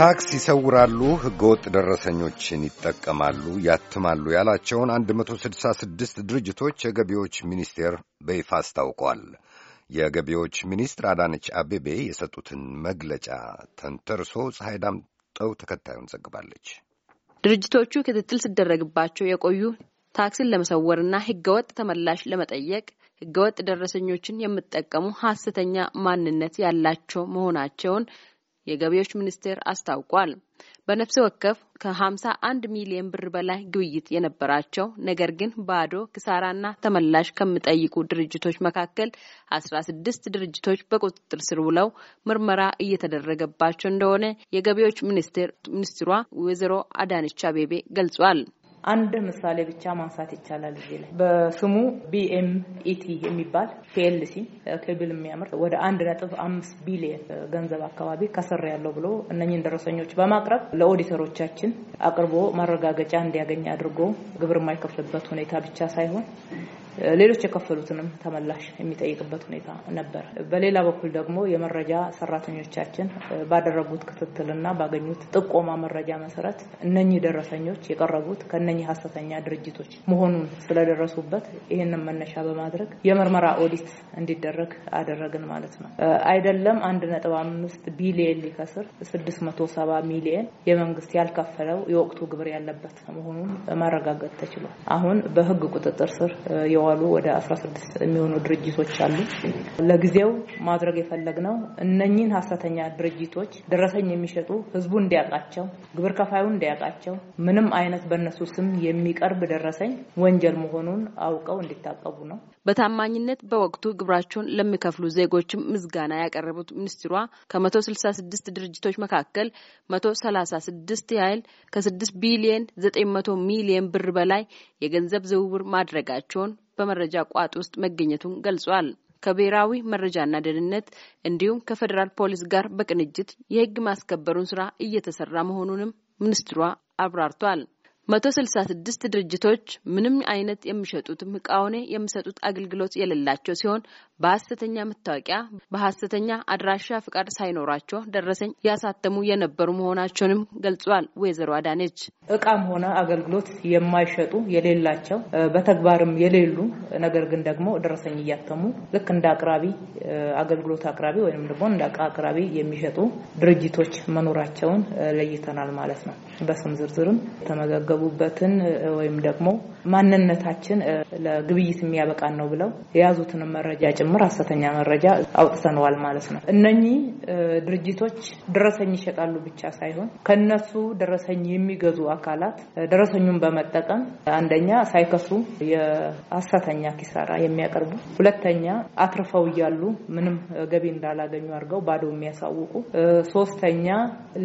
ታክስ ይሰውራሉ፣ ህገወጥ ደረሰኞችን ይጠቀማሉ፣ ያትማሉ ያላቸውን 166 ድርጅቶች የገቢዎች ሚኒስቴር በይፋ አስታውቋል። የገቢዎች ሚኒስትር አዳነች አቤቤ የሰጡትን መግለጫ ተንተርሶ ፀሐይ ዳምጠው ተከታዩን ዘግባለች። ድርጅቶቹ ክትትል ሲደረግባቸው የቆዩ ታክስን ለመሰወርና ህገወጥ ተመላሽ ለመጠየቅ ህገወጥ ደረሰኞችን የምጠቀሙ ሀሰተኛ ማንነት ያላቸው መሆናቸውን የገቢዎች ሚኒስቴር አስታውቋል። በነፍስ ወከፍ ከ51 ሚሊዮን ብር በላይ ግብይት የነበራቸው ነገር ግን ባዶ ክሳራና ተመላሽ ከሚጠይቁ ድርጅቶች መካከል 16 ድርጅቶች በቁጥጥር ስር ውለው ምርመራ እየተደረገባቸው እንደሆነ የገቢዎች ሚኒስቴር ሚኒስትሯ ወይዘሮ አዳነች አቤቤ ገልጿል። አንድ ምሳሌ ብቻ ማንሳት ይቻላል። እዚህ ላይ በስሙ ቢኤምኢቲ የሚባል ፒኤልሲ ኬብል የሚያምር ወደ አንድ ነጥብ አምስት ቢሊየን ገንዘብ አካባቢ ከስር ያለው ብሎ እነኝን ደረሰኞች በማቅረብ ለኦዲተሮቻችን አቅርቦ ማረጋገጫ እንዲያገኝ አድርጎ ግብር የማይከፍልበት ሁኔታ ብቻ ሳይሆን ሌሎች የከፈሉትንም ተመላሽ የሚጠይቅበት ሁኔታ ነበር። በሌላ በኩል ደግሞ የመረጃ ሰራተኞቻችን ባደረጉት ክትትልና ባገኙት ጥቆማ መረጃ መሰረት እነኚህ ደረሰኞች የቀረቡት ከእነኚህ ሀሰተኛ ድርጅቶች መሆኑን ስለደረሱበት ይህንን መነሻ በማድረግ የምርመራ ኦዲት እንዲደረግ አደረግን ማለት ነው። አይደለም አንድ ነጥብ አምስት ቢሊየን ሊከስር ስድስት መቶ ሰባ ሚሊየን የመንግስት ያልከፈለው የወቅቱ ግብር ያለበት መሆኑን ማረጋገጥ ተችሏል። አሁን በህግ ቁጥጥር ስር የዋ የተባሉ ወደ 16 የሚሆኑ ድርጅቶች አሉ። ለጊዜው ማድረግ የፈለግነው እነኚህን ሀሰተኛ ድርጅቶች ደረሰኝ የሚሸጡ ህዝቡ እንዲያውቃቸው፣ ግብር ከፋዩ እንዲያውቃቸው፣ ምንም አይነት በእነሱ ስም የሚቀርብ ደረሰኝ ወንጀል መሆኑን አውቀው እንዲታቀቡ ነው። በታማኝነት በወቅቱ ግብራቸውን ለሚከፍሉ ዜጎችም ምስጋና ያቀረቡት ሚኒስትሯ ከ166 ድርጅቶች መካከል 136 ያህል ከ6 ቢሊየን 900 ሚሊየን ብር በላይ የገንዘብ ዝውውር ማድረጋቸውን በመረጃ ቋጥ ውስጥ መገኘቱን ገልጿል። ከብሔራዊ መረጃና ደህንነት እንዲሁም ከፌዴራል ፖሊስ ጋር በቅንጅት የህግ ማስከበሩን ስራ እየተሰራ መሆኑንም ሚኒስትሯ አብራርቷል። መቶ ስድስት ድርጅቶች ምንም አይነት የሚሸጡትም ዕቃ ሆነ የሚሰጡት አገልግሎት የሌላቸው ሲሆን በሀሰተኛ መታወቂያ፣ በሀሰተኛ አድራሻ ፍቃድ ሳይኖራቸው ደረሰኝ ያሳተሙ የነበሩ መሆናቸውንም ገልጿል። ወይዘሮ አዳነች እቃም ሆነ አገልግሎት የማይሸጡ የሌላቸው፣ በተግባርም የሌሉ ነገር ግን ደግሞ ደረሰኝ እያተሙ ልክ እንደ አቅራቢ አገልግሎት አቅራቢ ወይም ደግሞ እንደ ዕቃ አቅራቢ የሚሸጡ ድርጅቶች መኖራቸውን ለይተናል ማለት ነው። በስም ዝርዝርም ተመዘገቡ የሚገቡበትን ወይም ደግሞ ማንነታችን ለግብይት የሚያበቃን ነው ብለው የያዙትንም መረጃ ጭምር ሀሰተኛ መረጃ አውጥተነዋል ማለት ነው። እነኚህ ድርጅቶች ደረሰኝ ይሸጣሉ ብቻ ሳይሆን ከነሱ ደረሰኝ የሚገዙ አካላት ደረሰኙን በመጠቀም አንደኛ ሳይከሱ የሀሰተኛ ኪሳራ የሚያቀርቡ፣ ሁለተኛ አትርፈው እያሉ ምንም ገቢ እንዳላገኙ አድርገው ባዶ የሚያሳውቁ፣ ሶስተኛ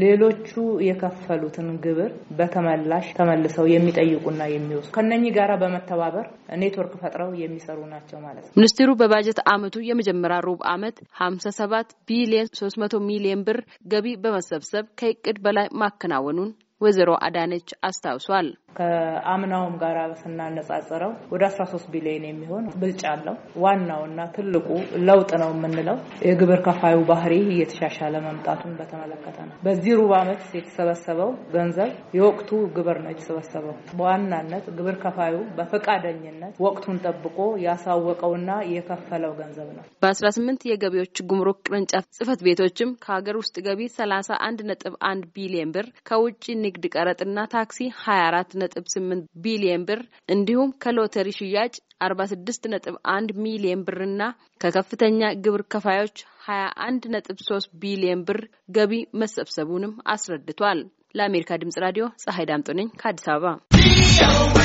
ሌሎቹ የከፈሉትን ግብር በተመላሽ ተመልሰው የሚጠይቁና የሚወስዱ ከነ ከነኚህ ጋራ በመተባበር ኔትወርክ ፈጥረው የሚሰሩ ናቸው ማለት ነው። ሚኒስትሩ በባጀት አመቱ የመጀመሪያ ሩብ አመት ሀምሳ ሰባት ቢሊዮን ሶስት መቶ ሚሊዮን ብር ገቢ በመሰብሰብ ከእቅድ በላይ ማከናወኑን ወይዘሮ አዳነች አስታውሷል። ከአምናውም ጋር ስናነጻጽረው ወደ 13 ቢሊዮን የሚሆን ብልጫ አለው። ዋናውና ትልቁ ለውጥ ነው የምንለው የግብር ከፋዩ ባህሪ እየተሻሻለ መምጣቱን በተመለከተ ነው። በዚህ ሩብ ዓመት የተሰበሰበው ገንዘብ የወቅቱ ግብር ነው የተሰበሰበው። በዋናነት ግብር ከፋዩ በፈቃደኝነት ወቅቱን ጠብቆ ያሳወቀውና የከፈለው ገንዘብ ነው። በ18 የገቢዎች ጉምሩክ ቅርንጫፍ ጽህፈት ቤቶችም ከሀገር ውስጥ ገቢ 31.1 ቢሊዮን ብር ከውጭ ንግድ ቀረጥና ታክሲ 24 ነጥብ ስምንት ቢሊየን ብር እንዲሁም ከሎተሪ ሽያጭ አርባ ስድስት ነጥብ አንድ ሚሊየን ብርና ከከፍተኛ ግብር ከፋዮች ሀያ አንድ ነጥብ ሶስት ቢሊየን ብር ገቢ መሰብሰቡንም አስረድቷል። ለአሜሪካ ድምጽ ራዲዮ ፀሐይ ዳምጦ ነኝ ከአዲስ አበባ